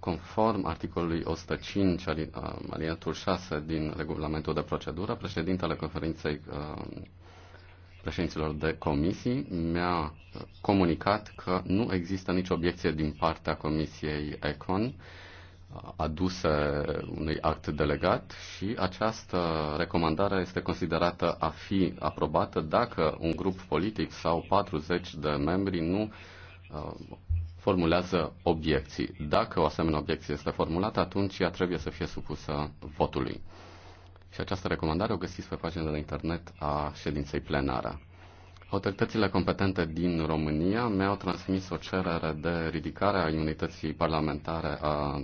Conform articolului 105, aliniatul 6 din regulamentul de procedură, președintele conferinței președinților de comisii mi-a comunicat că nu există nicio obiecție din partea comisiei ECON aduse unui act delegat și această recomandare este considerată a fi aprobată dacă un grup politic sau 40 de membri nu formulează obiecții. Dacă o asemenea obiecție este formulată, atunci ea trebuie să fie supusă votului. Și această recomandare o găsiți pe pagina de internet a ședinței plenară. Autoritățile competente din România mi-au transmis o cerere de ridicare a imunității parlamentare a